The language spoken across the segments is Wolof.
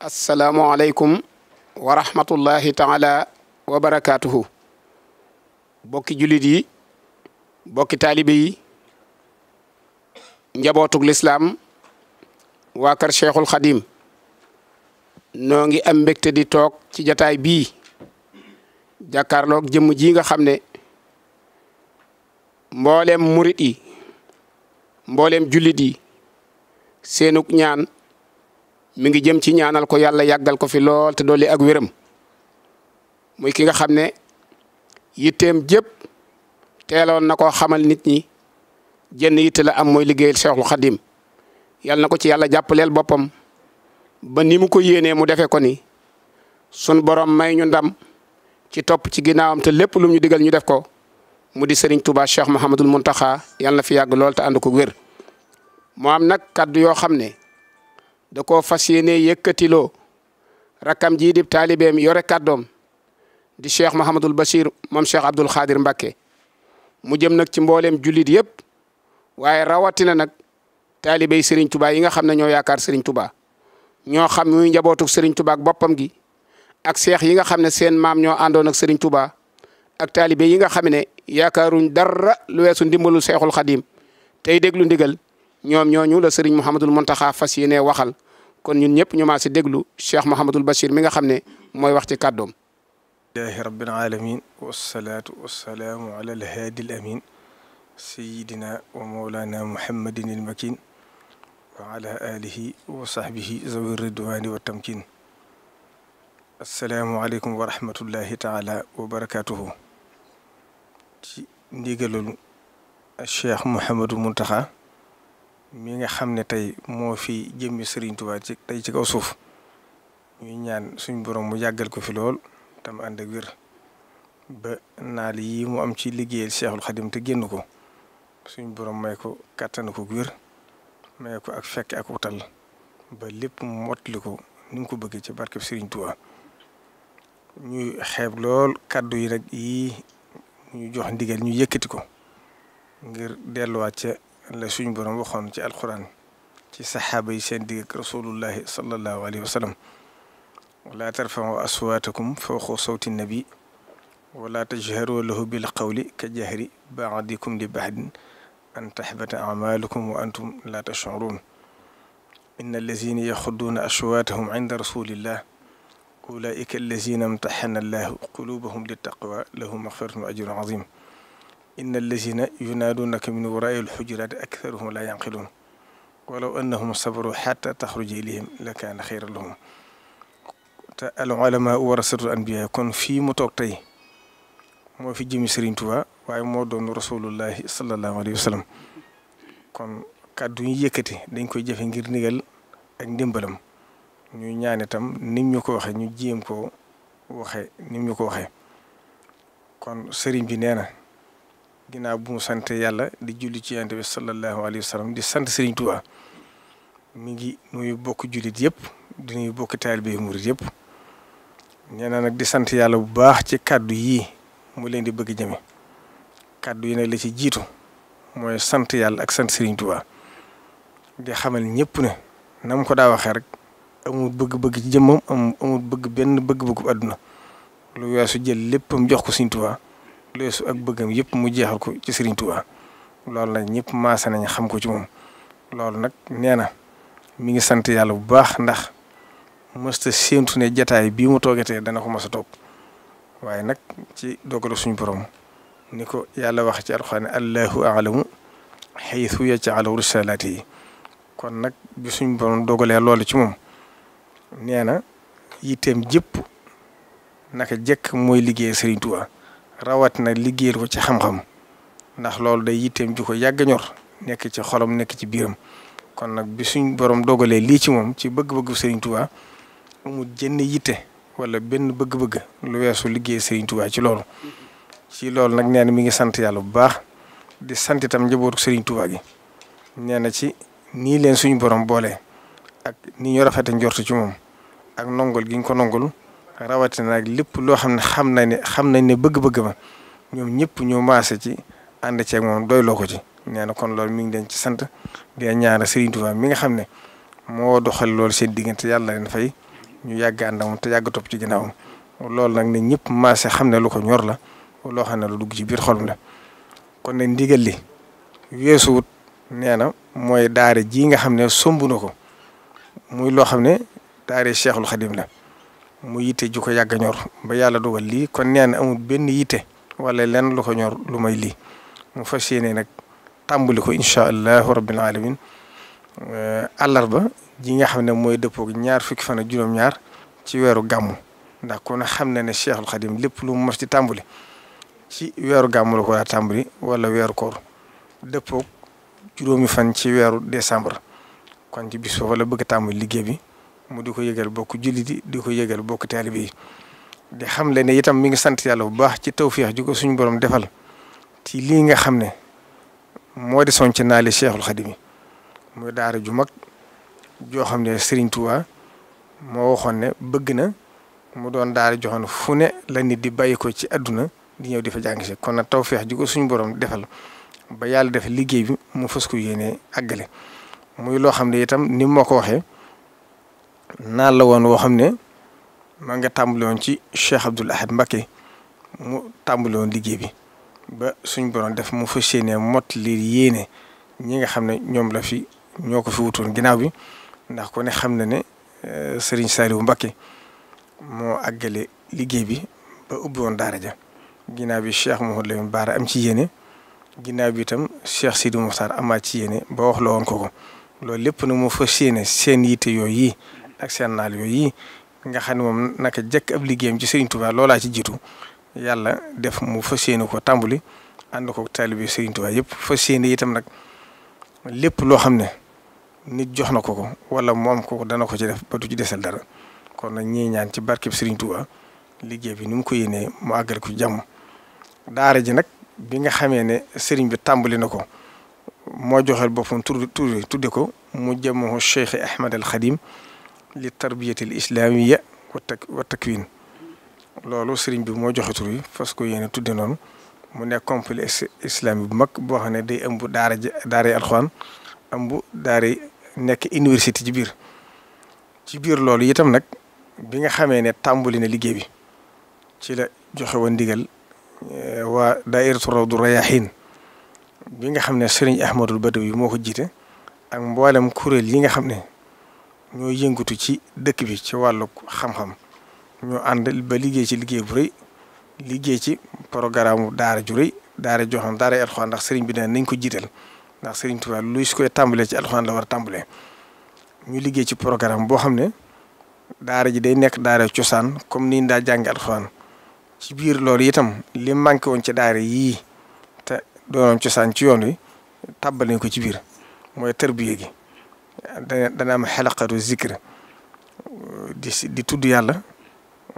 asalaamualeykum wa rahmatullahi taala wa barakaatuhu bokki jullit yi bokki taalibe yi njabootug lislaam waa kër cheikhul xadim ngi am mbégte di toog ci jataay bii jàkkaarloog jëmm ji nga xam ne mboolem murit jullit yi seenuk ñaan mi ngi jëm ci ñaanal ko yàlla yàggal ko fi lool te dolli ak wéram muy ki nga xam ne yitteem jëpp teeloon na koo xamal nit ñi jenn yitte la am mooy liggéeyal Seexul Xadim yàlla na ko ci yàlla jàppaleel boppam ba ni mu ko yéenee mu defee ko ni sun borom may ñu ndam ci topp ci ginnaawam te lépp lu ñu digal ñu def ko mu di Serigne Touba Cheikh Mouhamadul Mountakha yàlla na fi yàgg lool te ànd ko wér moo am nag kaddu yoo xam ne. da koo fas yéene yëkkatiloo rakkam jii di taalibeem yore kàddoom di cheikh Mouhamadul Bachir moom cheikh Abdoul Khadir mbake mu jëm nag ci mbooleem jullit yëpp waaye rawatina nag taalibey Serigne Touba yi nga xam ne ñoo yaakaar Serigne Touba ñoo xam muy njabootu Serigne Touba ak boppam gi ak seex yi nga xam ne seen maam ñoo àndoon ak Serigne Touba ak taalibe yi nga xam ne yaakaaruñ lu weesu ndimbalu seexul xadim tey déglu ndigal ñoom ñooñu la Serigne Mouhamadul Mountakha fas waxal. kon ñun ñëpp ñu maa si déglu Cheikh Mouhamadul Bachir mi nga xamné moy wax ci kaddom lillahi rabbil alamin wassalaatu wassalaamu ala alhaadi al amin sayidina wa mawlana muhammadin al makin wa ala alihi wa sahbihi zawi ridwan wa tamkin asalaamualeykum wa rahmatullahi taala wa barakatuhu ci ndigalul cheikh mouhamadou muntaxa mi nga xam ne tey moo fi jëmmi Serigne Touba ci tey ci kaw suuf ñuy ñaan suñ borom mu yàggal ko fi lool tam ànd ak wér ba naal yi mu am ci liggéeyal Cheikhul Khadim te génn ko suñ borom may ko kàttan ko wér may ko ak fekk ak wutal ba lépp mu mottali ko ni mu ko bëggee ci barkeb Serigne Touba ñuy xeeb lool kàddu yi rek yii ñu jox ndigal ñu yëkkati ko ngir delluwaat ca. la suñu borom waxoon ci alxuraan ci saxaaba yi seen digg ak rasulullahi sallallahu alayhi wa sallam wala tarfau aswaatakum fawqa sawti nabi wala tajharu lahu bil qawli ka jahri baadikum li baadin an taxbata amalukum wa antum la tashcuruun إن الذين يخضون أصواتهم عند رسول الله أولئك الذين امتحن الله قلوبهم للتقوى لهم مغفرة وأجر عظيم إن الذين ينادونك من وراء الحجرات أكثرهم لا ينقلون ولو أنهم صبروا حتى تخرج إليهم لكان خيرا لهم العلماء ورسل الأنبياء يكون في متوقتي ما في جميع سرين توا وعمودون رسول الله صلى الله عليه وسلم كون كادوني يكتي لنكو يجفن غيرنغل عندهم بلم ñu ñaané tam nim ñu ko waxé ñu jiem ko waxé nim ñu ko waxé kon sëriñ bi néna ginnaaw bu sant yàlla di julli ci yonent bi sallallahu alayhi wa sallam di sant Serigne Touba mi ngi nuyu bokk jullit yëpp di nuyu bokk taalibe yi murit yëpp nee na nag di sant yàlla bu baax ci kàddu yii mu leen di bëgg jëme kàddu yi nag la ci jiito mooy sant yàlla ak sant Serigne Touba di xamal ñëpp ne na ko daa waxee rek amul bëgg-bëgg ci jëmmam amul bëgg benn bëgg-bëggu àdduna lu weesu jël léppam jox ko Serigne Touba leesu ak bëggam yëpp mu jeexal ko ci Serigne Touba loolu nag ñëpp maase nañ xam ko ci moom loolu nag nee na mi ngi sant yàlla bu baax ndax mësta séentu ne jataay bii mu toogatee dana ko mës a toog waaye nag ci dogalu suñu borom ni ko yàlla wax ci alxuraan allahu alamu xaytu yajcalu risalaati yi kon nag bi suñu borom dogalee loolu ci moom nee na yitteem jëpp naka jekk mooy liggéey Serigne Touba rawat liggéey liggéeyal ko ci xam-xam ndax loolu day yitteem ju ko yàgg ñor nekk ci xolam nekk ci biiram kon nag bi suñ borom dogalee lii ci moom ci bëgg-bëggu Serigne Touba mu jënn yitte wala benn bëgg-bëgg lu weesu liggéey Serigne Touba ci loolu ci loolu nag nee na mi ngi sant yàlla bu baax di santitam itam njabootu Serigne Touba gi nee na ci nii leen suñu borom boole ak ni ñu rafete njortu ci moom ak nongol gi ñu ko nongol rawatina nag lépp loo xam ne xam nañ ne xam nañ ne bëgg-bëgg ma ñoom ñëpp ñu maase ci ànd ceeg moom doy loo ko ci. nee na kon loolu mi ngi leen ci sant di ñaanal Serigne mi nga xam ne moo doxal loolu seen diggante yàlla leen fay ñu yàgg ànd moom te yàgg topp ci ginnaawam loolu nag ne ñëpp maase xam ne lu ko ñor la loo xam ne lu dugg ci biir xolum la kon nag ndigal li weesuwut nee na mooy daare ji nga xam ne somb ko muy loo xam ne daare Cheikhul Khadim la. mu yite ju ko yàgg ñor ba yàlla dogal lii kon nee na amul benn yitte wala lenn lu ko ñor lu may lii mu fas yéene nag tàmbali ko incha allahu rabbil alamin eh, àllarba ji nga xam ne mooy dëppook ñaar fukki fan ak juróom-ñaar ci weeru gàmmu ndax kon xam na ne Cheikhul Khadim lépp lu mu mos si tàmbali ci weeru gàmmu la ko daa tàmbali wala weeru koor dëppook juróomi fan ci weeru décembre kon ci bis boobu la bëgg a liggéey bi. mu di ko yëgal bokk jullit di ko yëgal bokku taalibe yi di xam le ne itam mi ngi sant yàlla bu baax ci tawféex ju ko suñu borom defal ci lii nga xam ne moo di sonc naa li Cheikhul muy daara ju mag joo xam ne Serigne Touba moo waxoon ne bëgg na mu doon daara joxoon fu ne la nit di bàyyi ko ci àdduna di ñëw di fa jàng kon nag tawféex ju ko suñu borom defal ba yàlla def liggéey bi mu fës ko yéene àggale muy loo xam ne itam ni moo ko waxee. naan la woon woo xam ne maa nga tàmbali ci Cheikh Abdoul Ahad Mbacké mu tàmbali woon liggéey bi ba suñ borom def mu fas yéenee mot li ñi nga xam ne ñoom la fi ñoo ko fi wutoon ginnaaw bi ndax ku ne xam na ne euh, Serigne Saliou Mbacké moo àggale liggéey bi ba ubbi woon daara ja ginnaaw bi Cheikh Mouhamadou Lamine Bara am ci yéene ginnaaw bi itam Cheikh Sidi Moukhtar amaat ci yéene ba wax la woon ko ko loolu lépp nag mu fas yéene seen yitte yooyu yi ak seen naal yooyu nga xam ne moom naka jekk ab liggéeyam ci Serigne Touba loolaa ci jitu yàlla def mu fas yéene ko tàmbali ànd ko taalibe Serigne Touba yëpp fas yéene itam nag lépp loo xam ne nit jox na ko ko wala moom ko dana ko ci def ba ci desal dara kon nag ñii ñaan ci barkeb Serigne Touba liggéey bi ni mu ko yéenee mu àggal ko jàmm daara ji nag bi nga xamee ne Serigne bi tàmbali na ko. moo joxel boppam tur tur tudde ko mu jëmoo Cheikh Ahmed al li tarbiyati al islamiya wa takwin loolu sëriñ bi moo joxe tur yi parce que yéen a tudde noonu mu nekk complexe islamique bu mag boo xam ne day ëmb daara daaray alxuraan ëmb daaray nekk université ci biir ci biir loolu itam nag bi nga xamee ne tàmbali na liggéey bi ci la joxe woon ndigal waa daairatu rawdu rayahin bi nga xam ne sëriñ ahmadul badawi moo ko jiite ak mboolem kuréel yi nga xam ne ñoo yëngatu ci dëkk bi ci wàllu xam-xam ñoo ànd ba liggéey ci liggéey bu rëy liggéey ci programme daara ju rëy daara joo xam daara alxuraan ndax sëriñ bi ne nañ ko jiital ndax sëriñ Tuubaa luy su koy tàmbalee ci alxuraan la war a tàmbalee ñu liggéey ci programme boo xam ne daara ji day nekk daara cosaan comme ni ñu daa jàngi alxuraan ci biir lool itam li manqué won ci daara yii te doonoon cosaan ci yoon wi tàbbal ko ci biir mooy tërbiye dana dana am xelaqatu zikr di di tudd yàlla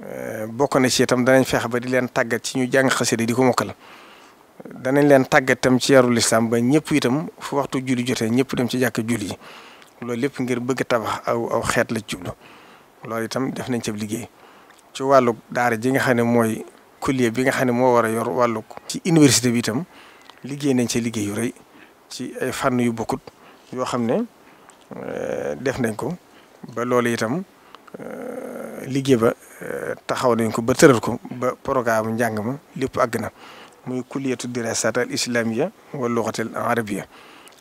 eh, bokk na ci itam danañ feex ba di leen tàggat ci ñu jàng xasida di ko mokkal danañ leen tàggat itam ci yarul islam ba ñëpp itam fo waxtu juli jotee ñëpp dem ci jàkk julli yi loolu lépp ngir bëgg tabax aw aw xeet la jublu loolu itam def nañ ci liggéey ci wàllu daar ji nga xam ne mooy collier bi nga xam ne moo war a yor wàllu ci université bi itam liggéey nañ ci liggéey yu rëy ci ay fànn yu bokkut yoo xam ne Euh, def nañ ko ba loolu itam euh, liggéey ba euh, taxaw nañ ko ba tëral ko ba programme njàng ma lépp àgg na muy kulliyatu dirasat al islamia wal luxatil arabia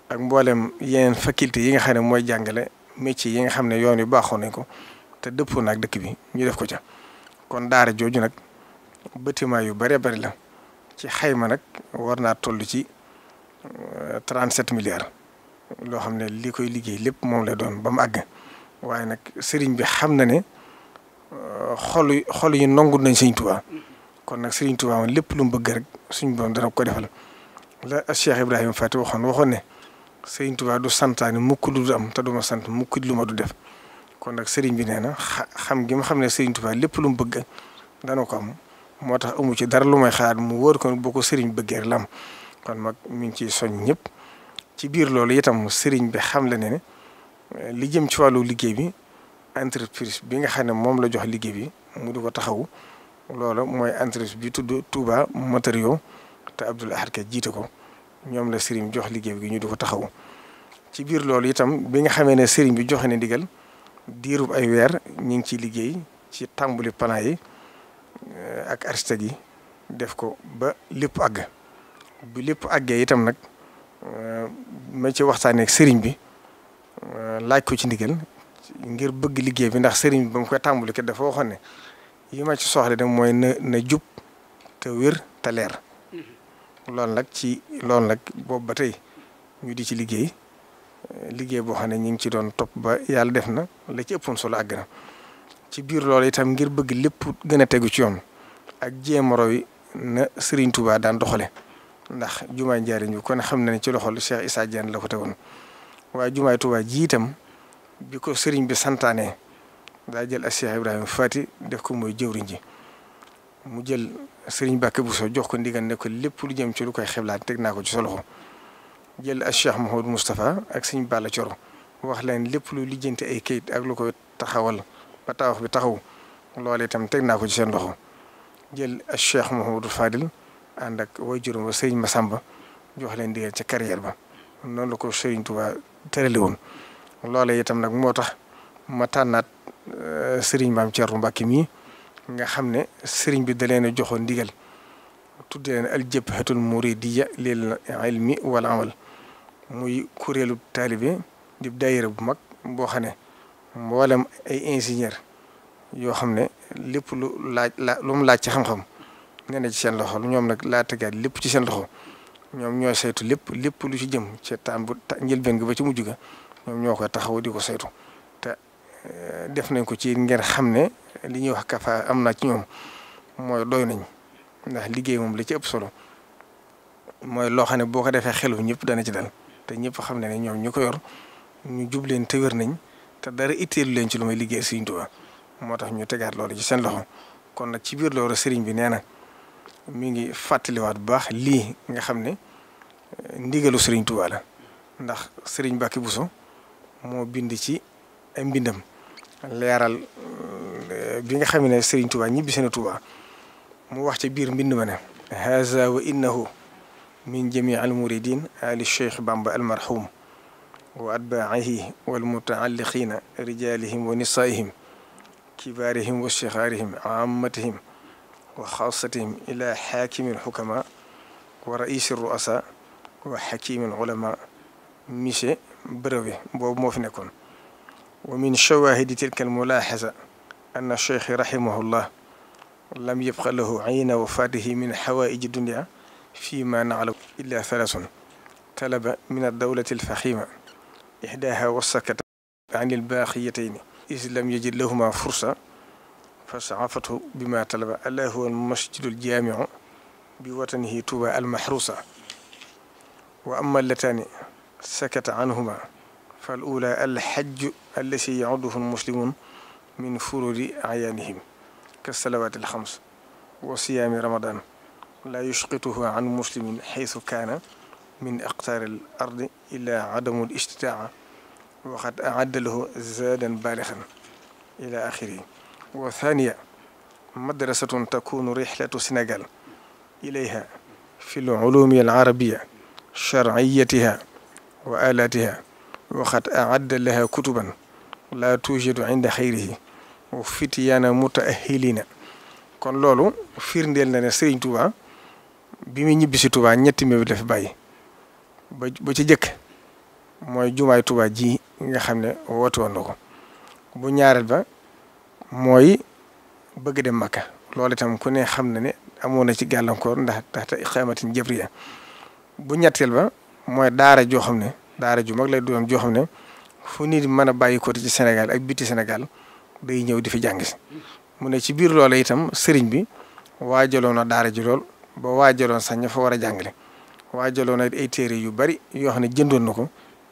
ak mboolem yeneen faculté yi nga xam ne mooy jàngale métier yi nga xam ne yoon yu baaxoo nañ ko te dëppoo na ak dëkk bi ñu def ko ca kon daara jooju nag bâtiment yu bëree bëri la ci xayma nag war naa toll ci 37 milliards loo xam ne li koy liggéey lépp moom la doon ba mu àgg waaye nag sëriñ bi xam na ne euh, xol xol yi nangu nañ sëriñ Tuubaa kon nag sëriñ Tuubaa lépp lu mu bëgg rek suñ borom dana ko defal la Cheikh Ibrahima Faty waxoon waxoon ne sëriñ Tuubaa du santaani mukk lu am te du sant mukk lu ma du def kon nag sëriñ bi nee na xam gi ma xam ne sëriñ Tuubaa lépp lu mu bëgg dana ko am moo tax amu ci dara lu may xalaat mu wóor ko bu ko sëriñ bëggee rek la am kon mag mi ci ciy soñ ñëpp. ci biir loolu itam sëriñ bi xam la ne ne li jëm ci wàllu liggéey bi entreprise bi nga xam ne moom la jox liggéey bi mu du ko taxaw lool mooy entreprise bi tudd Touba matériaux te Abdoul Ahad Ka jiite ko ñoom la sëriñ jox liggéey bi ñu du ko taxaw ci biir loolu itam bi nga xamee ne sëriñ bi joxe ne ndigal diirub ay weer ñu ngi ciy liggéey ci tàmbali palan yi ak architecte yi def ko ba lépp àgg bi lépp àggee itam nag. ma ci waxtaanee ak sëriñ bi laaj ko ci ndigal ngir bëgg liggéey bi ndax sëriñ bi ba mu koy tàmbali kat dafa waxoon ne yi ma ci soxla dem mooy na jub te wér te leer mm-hmm. loolu nag ci loolu nag boobu ba tey ñu di ci liggéey liggéey boo xam ne ñu ngi ci doon topp ba yàlla def na la ci ëppoon solo àgg na ci biir loolu itam ngir bëgg lépp gën a tegu ci yoon ak jéem a roy na sëriñ Touba daan doxale ndax jumaay njaariñ bi kon xam na ne ci loxol Cheikh Issa Diagne la ko tegoon waaye jumaay Tuubaa ji itam bi ko sëriñ bi santaane daa jël ak Cheikh Ibrahima Fati def ko mooy jëwriñ ji mu jël sëriñ Bakk bu soo jox ko ndigal ne ko lépp lu jëm ci lu koy xeblaat teg naa ko ci sa jël ak Cheikh Mouhamadou Moustapha ak sëriñ Balla Coro wax leen lépp lu lijjanti ay kayit ak lu ko taxawal ba bi taxaw loolee itam teg naa ko ci seen loxo jël ak Cheikh Mouhamadou Fadil. ànd ak way juróom ba masamba Massamba jox leen ndigal ca carrière ba noonu la ko sëriñ Touba tërale woon loolee itam nag moo tax ma tànnaat euh, sëriñ maam Thierno Mbacke mii nga xam ne sëriñ bi da leen a joxoon ndigal tudde leen al jabhatul muridiyya lil ilmi wal amal muy kuréelu taalibe di daayira bu mag boo mboolem ay ingénieur yoo xam ne lépp lu laaj la lu mu laaj ci xam-xam. ne ci seen loxo lu ñoom nag laa tegaat lépp ci seen loxo ñoom ñoo saytu lépp lépp lu ci jëm ci taam bu njëlbeen gi ba ci mujj ga ñoom ñoo koy taxaw di ko saytu te eh, def nañ ko ci ngeen xam ne li ñuy wax kafa am na ci ñoom mooy doy nañ ndax liggéey moom la ci ëpp solo mooy loo xam ne boo ko defee xelu ñëpp dana ci dal te ñëpp xam ne ñoom ñu ko yor ñu jub leen te wér nañ te dara itteelu leen ci lu may liggéey Sëriñ Tuubaa moo tax ñu tegaat loolu ci seen loxo kon nag ci biir loolu sëriñ bi nee na. mingi ngi wat bax li nga xamne ne ndigalu Serigne Touba la ndax Serigne Bakki Bousso mo bind ci ay bindam leral bi nga xamne Serigne Touba ñibi sene Touba mu wax ci bir bindu mané haza wa innahu min jami' al muridin ali sheikh bamba al marhum wa atbaahi wal mutaalliqina rijalihim wa nisaihim kibaarihim wa shixaarihim ammatihim وخاصتهم إلى حاكم الحكماء ورئيس الرؤساء وحكيم العلماء ميشي بروي بوب موفنكون ومن شواهد تلك الملاحظة أن الشيخ رحمه الله لم يبق له عين وفاته من حوائج الدنيا فيما نعلم إلا ثلاث طلب من الدولة الفخيمة إحداها وسكت عن الباقيتين إذ لم يجد لهما فرصة فاستعافته بما طلب ألا هو المسجد الجامع بوطنه توبى المحروسة وأما اللتان سكت عنهما فالأولى الحج الذي يعده المسلمون من فرور أعيانهم كالصلوات الخمس وصيام رمضان لا يشقطه عن مسلم حيث كان من أقطار الأرض إلا عدم الاستطاعة وقد أعد له زادا بالغا إلى آخره وثانية مدرسة تكون رحلة سنغال إليها في العلوم العربية شرعيتها وآلاتها وقد أعد لها كتبا لا توجد عند خيره وفتيانا متأهلين كون لولو فيرنديل ديالنا سيرين توبا بيمي نيبسي توبا نيتي مي ديف باي بو جيك موي جمعه توبا جي nga xamne wotu wonnako bu mooy bëgg dem Makka loolu itam ku ne xam ne ne amoon na ci gàllankoor ndax ndaxte iqaamatin jabriya bu ñetteel ba mooy daara joo xam ne daara ju mag lay doon joo xam ne fu nit mën a bàyyi ko ci Sénégal ak biti Sénégal day ñëw di fi jàng si mu ne ci biir loola itam sëriñ bi waajaloon na daara ji lool ba waajaloon sax ña fa war a jàngale waajaloon na ay téere yu bari yoo xam ne jëndoon na ko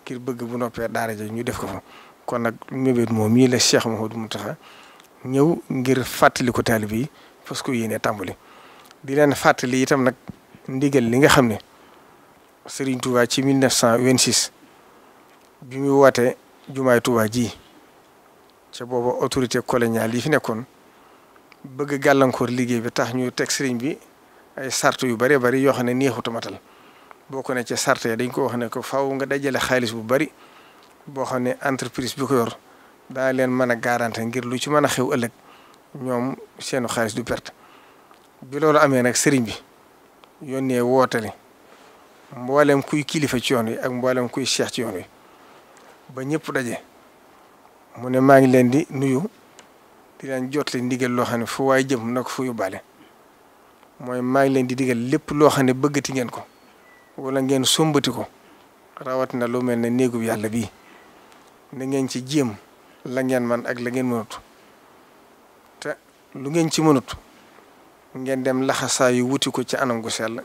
ngir bëgg bu noppee daara ji ñu def ko fa kon nag mébét moom mii la Cheikh Mouhamadou Mountakha ñëw ngir fàttali ko taalib yi parce que yéene tàmbali di leen fàttali itam nag ndigal li nga xam ne Serigne Touba ci 1926 bi muy woote jumaay Touba ji ca booba autorité coloniale yi fi nekkoon bëgg gàllankoor liggéey bi tax ñu teg Serigne bi ay sart yu bëree bëri yoo xam ne neexut a boo ko ne ca sart ya dañ ko wax ne ko faw nga dajale xaalis bu bëri boo xam ne entreprise bi ko yor. daa leen mën a garanti ngir lu ci mën a xew ëllëg ñoom seenu xaalis du perte bi loolu amee nag sëriñ bi yónnee wootale mboolem kuy kilifa ci yoon wi ak mboolem kuy cheikh ci wi ba ñëpp daje mu ne maa ngi leen di nuyu di leen jotle ndigal loo xam ne fu jëm na ko fu mooy maa ngi leen di digal lépp loo xam ne bëggati ngeen ko wala ngeen sombati ko rawat na lu mel ne néegub yàlla bii na ngeen ci jéem la ngeen man ak la ngeen mënut te lu ngeen ci mënut ngeen dem laxasaa yu wuti ko ci anam gu sell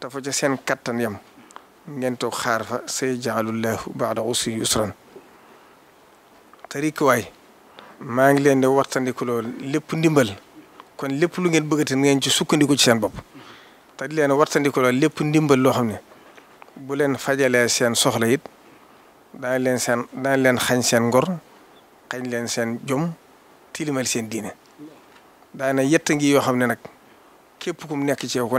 te fa ca seen kattan yam ngeen toog xaar fa say jaalullahu baada usri yusran tarik waay maa ngi leen di wartandiku loolu lépp ndimbal kon lépp lu ngeen bëggati ngeen ci sukkandiku ci seen bopp te leen leen wartandiku loo lépp ndimbal loo xam ne bu leen fajalee seen soxla yit daañ leen seen daañ leen xañ seen ngor xañ leen seen jom tilimal seen diine daana yett ngi yoo xam ne nag képp mu nekk ci yow ku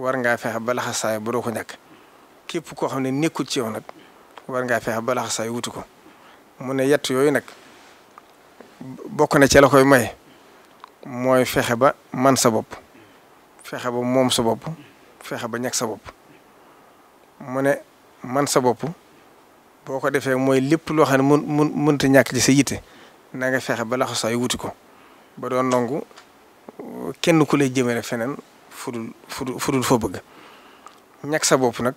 war ngaa fexe ba laxasaay ko ñàkk képp koo xam ne nekkul ci nag war ngaa fexe ba laxasaay wuti ko mu ne yett yooyu nag bokk na ci la koy may mooy fexe ba man sa bopp fexe ba moom sa bopp fexe ba ñàkk sa bopp mu ne man sa bopp boo ko defee mooy lépp loo xam ne mun mun mënta ñàkk ci sa yitte na nga fexe ba laxa saay wuti ko ba doon nangu kenn ku lay jëmale feneen fudul fudul fudul fa bëgg ñàkk sa bopp nag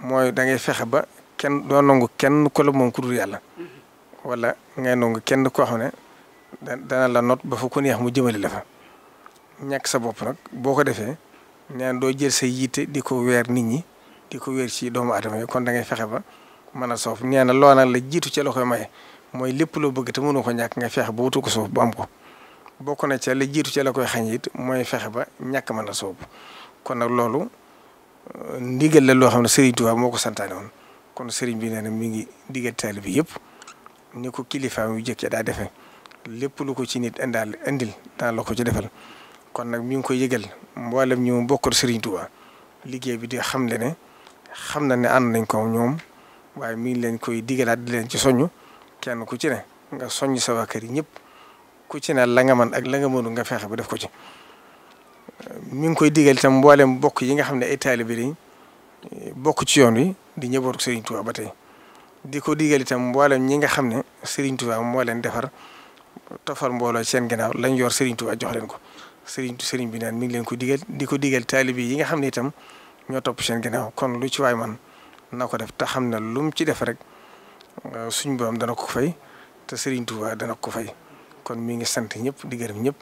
mooy da ngay fexe ba kenn doo nangu kenn ku la moom ku dul yàlla mm-hmm. wala ngay nongu kenn koo xam ne dana la not ba fa ku neex mu jëmale la fa ñàkk sa bopp nag boo ko defee neen doo jël sa yitte di ko weer nit ñi di ko weer ci doomu aadama yi kon dangay fexe ba mën a soof nee na loo naan la jiitu ca la koy maye mooy lépp loo bëgg te mënu ko ñàkk nga feex ba ko soof bu ko bokk na ca la jiitu ca koy xañ it mooy fexe ba ñàkk man a soob kon nag loolu ndigal la loo xam ne Serigne moo ko santaane woon kon Serigne bi nee na mi ngi digal bi yëpp ni ko kilifaam yu jëkk daa defee lépp lu ko ci nit indaal indil daan ko ci defal kon nag mi ngi koy yëgal mboolem ñu bokkal Serigne Touba liggéey bi di xam ne ne xam na ne ànd nañ ko ñoom. waaye mi ngi leen koy digalaat di leen ci soññ kenn ku ci nga soññ sawa waa kër yi ñëpp ku ci ne la nga mën ak la nga mënu nga fexe ba def ko ci mi ngi koy digal itam mboolem bokk yi nga xam ne ay taalibe lañ bokk ci yoon wi di ñëwoon Serigne ba tey di ko digal itam mboolem ñi nga xam ne Serigne Touba moo leen defar tofal mbooloo seen ginnaaw lañ yor Serigne Touba jox leen ko Serigne Serigne bi naan mi ngi leen ko digal di ko digal taalibe yi nga xam ne itam ñoo topp seen ginnaaw kon lu ci waay man na ko def te xam na lu mu ci def rek euh, suñ borom dana ko fay te Serigne Touba ko fay kon mi ngi sant ñëpp di gërëm ñëpp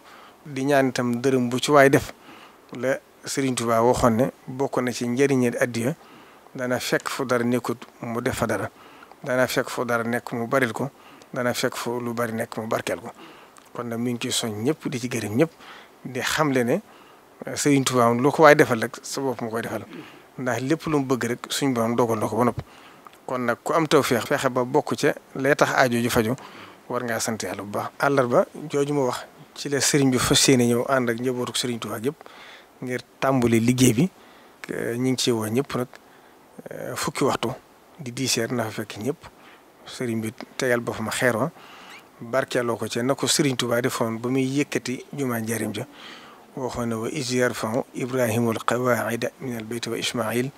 di ñaan itam bu ci waay def la waxoon ne bokk na ci njëriñe addiya dana fekk fu dara mu def fa dara dana fekk fu dara nekk mu ko dana fekk fu lu bari nekk mu barkeel ko kon nag mi ngi ciy soñ ñëpp di ci gërëm ñëpp di xamle ne euh, Serigne Touba lu ko waay defal rek sa bopp mu koy defal. ndax lépp lu mu bëgg rek suñu borom dogal na ko ba nopp kon nag ku am tawféex fexe ba bokk ca lee tax aajo ju faju war ngaa sante yàlla bu baax. àllarba jooju ma wax ci la sëriñ bi fas yéene ñëw ànd ak njabootu sëriñ Tuubaa yëpp ngir tàmbali liggéey bi ñu ngi ci woo ñëpp nag eh, fukki waxtu di diiseer na fekk ñëpp sëriñ bi tegal ba fa ma xeer wa barkeeloo ko ca na ko sëriñ Tuubaa defoon ba muy yëkkati jumaa njariñ ja وخونا وإذ يرفع إبراهيم القواعد من البيت وإسماعيل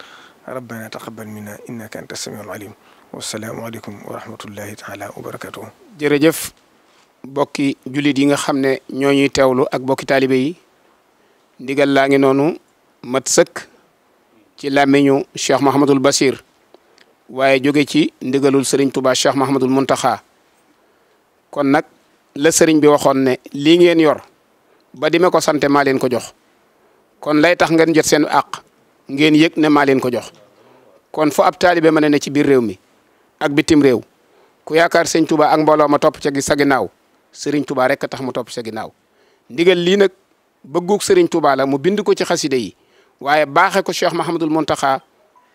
ربنا تقبل منا إنك أنت السميع العليم والسلام عليكم ورحمة الله تعالى وبركاته جرجف بوكي جولي ديغا خامني ньо ญ ي تاولو اك بوكي طالبي ديغال لاغي نونو متسك تي لامينو شيخ محمد البصير waye joge ci ndigalul serigne touba cheikh mahamadul muntaha kon nak le serigne bi waxone li ngeen yor ba di ma ko sante maa leen ko jox kon lay tax ngeen jot seen àq ngeen yëg ne maa leen ko jox kon fu ab taalibe mën a ne ci biir réew mi ak bitim réew ku yaakaar sëñ Touba ak mbooloo ma topp ca gi sa ginnaaw sëriñ Touba rek tax mu topp sa ginnaaw ndigal lii nag bëggug sëriñ Touba la mu bind ko ci xaside yi waaye baaxe ko Cheikh Mahamadul Muntaxa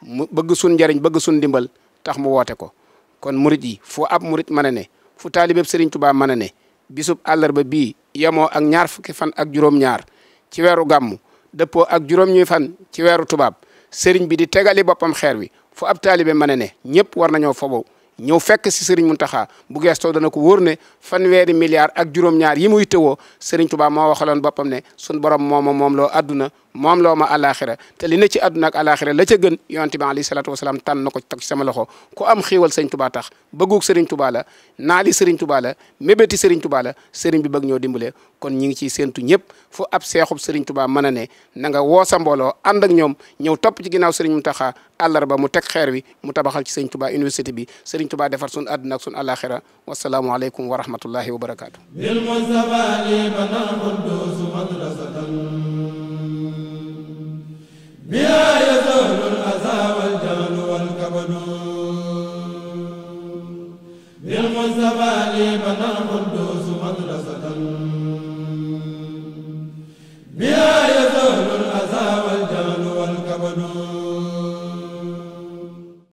mu bëgg sun njariñ bëgg sun ndimbal tax mu woote ko kon murit yi fu ab murit mën a ne fu taalibeb sëriñ Touba mën a ne bisub allarba bii yemoo ak ñaar fukki fan ak juróom-ñaar ci weeru gàmmu dëppoo ak juróom-ñuy fan ci weeru tubaab sëriñ bi di tegali boppam xeer wi fu ab taalibe mën a ne ñëpp war nañoo fobow ñëw fekk si sëriñ Muntaxa bu geestoo dana ko wóor ne fanweri milliard ak juróom-ñaar yi muy tëwoo Serigne Touba mo waxalon bopam ne suñ borom mooma mom lo aduna mom lo ma alaxira te li ne ci aduna ak alaxira la ci gën yonti bi ali salaatu wasalaam tan nako ko sama loxo ku am xewal Serigne Touba tax bëggug Serigne Touba la nali Serigne Touba la mébéti Serigne Touba la Serigne bi beug ñoo dimbalee kon ñi ngi ci sentu ñep fu ab seexub Serigne Touba mën ne na nga wo sa mbolo ànd ak ñom ñëw top ci ginaaw Serigne Mountakha àllarba mu tek xeer wi mu tabaxal ci Serigne Touba university bi Serigne Touba defar sun aduna ak sun wassalamu alaykum wa rahmatulah rahmatullahi wa barakaatu bil mustafa li banal qudus madrasatan biha yazulu al aza wal jahl wal kabadu bil mustafa li banal qudus